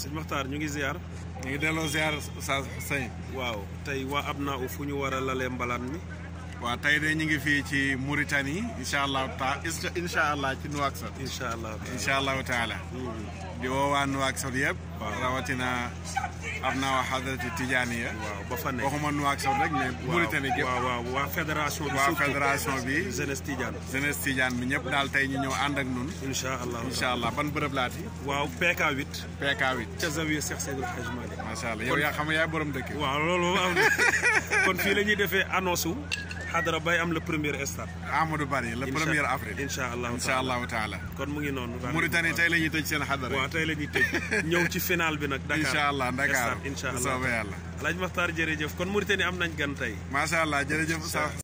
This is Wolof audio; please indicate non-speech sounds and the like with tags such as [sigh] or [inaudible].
sëñ Maxtaar ñu ngi ziar. ñu ngi delloo ziar sa sañ. waaw tey waa ab naa fu ñu war lalee mbalaan mi. waaw tey de ñu ngi fii ci Mauritanie incha allahu ta incha allah ci Nouakchott. incha allahu taala incha allahu taala. Mm-hmm. di woo waa Nouakchott yëpp. waaw rawatina am naa wax hadrati Tijaaniya. waaw ba fa nekk waxuma Nouakchott rek mais. Mauritanie gépp waaw waaw waa fédération bi. surtout waa fédération bi. jeunesse bi ñëpp daal tey ñu ñëw ànd ak ñun. incha allah allah ban bërëb laati. waaw PK8. PK8. ca Zawiya Cheikh Seydil Hadj Malick. macha allah yaa xam ne yaay borom dëkk. waaw loolu am [laughs] kon fii lañuy ñuy defee annonce xadara bay am le premier stade. Amadou Barry le premier avril. incha allah incha allahu taala kon mu ngi noonu. Mauritanie tey la ñuy tëj seen xadara. waaw tey la ñuy tëj ñëw ci final bi nag. Dakar incha allah Dakar incha allah soobee yàlla. Alaaji Maxtaar jërëjëf kon Mauritanie am nañ gan tey. macha allah jërëjëf sax.